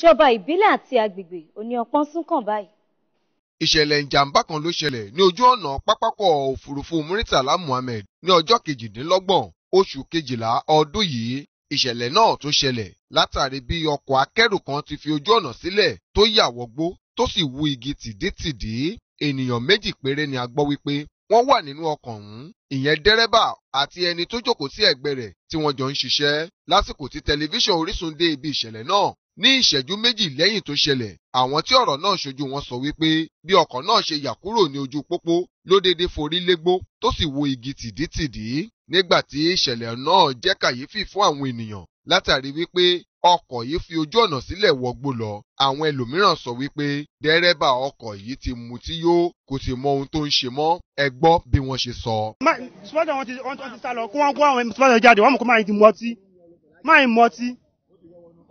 ìjọba ìbílẹ̀ àti agbègbè ò ní ọpọ́n sún kàn báyìí. ìṣẹ̀lẹ̀ ìjàmbá kan ló ṣẹlẹ̀ ní ojú ọ̀nà pápákọ̀ òfurufú Muritala Muhammed ní ọjọ́ kejìdínlọ́gbọ̀n oṣù kejìlá ọdún yìí ìṣẹ̀lẹ̀ náà tó ṣẹlẹ̀ látàrí bí ọkọ̀ akẹ́rù kan ti fi ojú ọ̀nà sílẹ̀ tó yà wọgbó tó sì wú igi tìdítìdí ènìyàn méjì péré ni a gbọ́ wípé wọ́n wà nínú ọkọ̀ ọ̀hún ìyẹn dẹ́rẹ́bà àti ẹni tó jókòó sí ẹ̀gbẹ́ rẹ̀ tí wọ́n jọ ń ṣiṣẹ́ lásìkò tí tẹlifíṣàn Orísun dé ibi ìṣẹ̀lẹ̀ náà ní ìṣẹ́jú méjì lẹ́yìn tó ṣẹlẹ̀ àwọn tí ọ̀rọ̀ náà ṣojú wọn sọ wípé bí ọkọ̀ náà ṣe yà kúrò ní ojú pópó ló dédé forí légbó tó sì wo igi tìdítìdí nígbà tí ìṣẹ̀lẹ̀ náà jẹ́ kàyéfì fún àwọn ènìyàn látàrí wípé ọkọ̀ yìí fi ojú ọ̀nà sílẹ̀ wọgbó lọ àwọn ẹlòmíràn sọ wípé dẹ́rẹ́bà ọkọ̀ yìí ti mutí yó kò sì mọ ohun tó ń ṣe mọ́ ẹ gbọ́ bí wọ́n ṣe sọ. sọ́jà wọn ti wọ́n ti sá lọ kó wọ́n kó àwọn sọ́jà jáde wọ́n mú kó máa di mọtí máa ń mọtí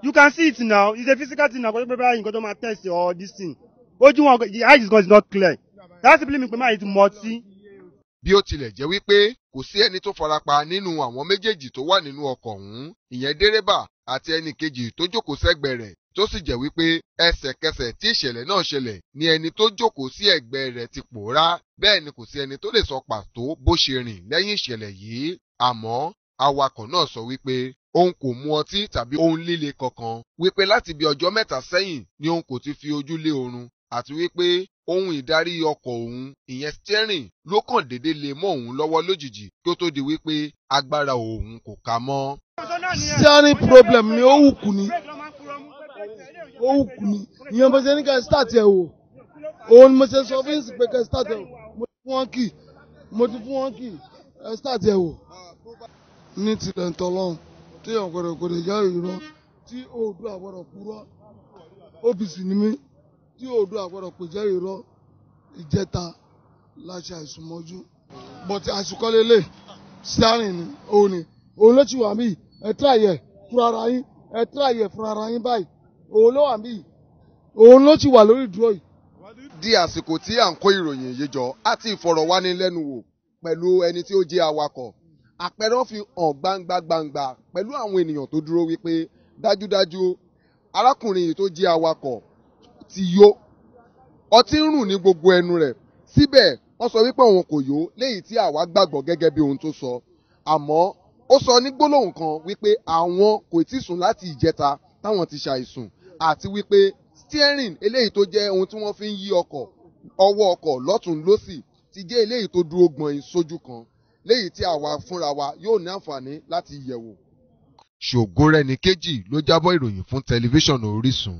you can see it now it's a physical thing na kò tó pẹ́ báyìí nǹkan tó máa test all this thing ojú wọn the eye is not clear that's simply mean pé máa di mọtí bí ó tilẹ̀ jẹ́ wípé kò sí ẹni tó farapa nínú àwọn méjèèjì tó wà nínú ọkọ̀ ọ̀hún ìyẹn dẹ́rẹ́bà àti ẹnì kejì tó jókòó sẹ́gbẹ̀ẹ́ rẹ̀ tó sì jẹ́ wípé ẹsẹ̀kẹsẹ̀ tí ìṣẹ̀lẹ̀ náà ṣẹlẹ̀ ni ẹni tó jókòó sí ẹ̀gbẹ́ rẹ̀ ti pòórá bẹ́ẹ̀ ni kò sí ẹni tó lè sọ pàtó bó ṣe rìn lẹ́yìn ìṣẹ̀lẹ̀ yìí àmọ́ awakọ̀ náà sọ wípé òun kò mu ọtí tàbí ohun líle kankan wípé láti bí ọjọ́ mẹ́ta sẹ́yìn ni òun kò ti fi ojú lé oorun àti wípé ohun ìdarí ọkọ̀ òun ìyẹn steering ló kàn déédéé lè mọ́ òun lọ́wọ́ lójijì kí ó tó di wípé agbára òun kò ká mọ́ sharing problem ni ó wù kù ni ó kù ni ìyẹn bó ṣe ní ká start ẹ̀ wò òun mo ṣe sọ fíìsì pé ká start ẹ̀ wò mo ti fún wọn kì mo ti fún wọn kì ẹ start ẹ̀ wò. ní tilẹ̀ ń tọ́lọ́hún tí ọ̀gọ̀dọ̀ kò lè yá ìrọ́ tí òòdù àgbọ̀dọ̀ purọ́ OPC ni mí tí òòdù àgbọ̀dọ̀ kò jẹ́ ìrọ́ ìjẹta láṣẹ àìsùnmọ́jú bọ̀tí àsùkọ́lélẹ̀ sáré ni òun ni òun ló ti wà míì ẹ tíra yẹ fúnra ara yín ẹ tíra yẹ fúnra ara yín báyìí òun ló wà níbí yìí òun ló ti wà lórí ìdúró yìí. di àsìkò tí à ń kó ìròyìn yìí jọ àti ìfọ̀rọ̀wánilẹ́nuwò pẹ̀lú ẹni tí ó jẹ́ awakọ̀ àpẹẹrẹ fi hàn gbangba gbangba pẹ̀lú àwọn ènìyàn tó dúró wípé dájúdájú arákùnrin yìí tó jẹ́ awakọ̀ ti yó ọtí ń rùn ní gbogbo ẹnu rẹ̀ síbẹ̀ wọ́n sọ wípé òun kò yó léyìí tí àwa gbàgbọ́ gẹ́gẹ́ bí ohun tó sọ àmọ́ ó sọ ní gbólóhùn kan wípé àwọn kò tí sùn láti ìjẹta táwọn ti ṣàìsùn àti wípé steering eléyìí tó jẹ́ ohun tí wọ́n fi ń yí ọkọ̀ ọwọ́ ọkọ̀ lọ́tún lọ́sì ti jẹ́ eléyìí tó dúró gbọ̀nyìn sójú kan léyìí tí àwa fúnra wa yóò ní àǹfààní láti yẹ̀wò. ṣògo rẹni kejì ló jábọ̀ ìròyìn fún tẹlifíṣàn Orísun.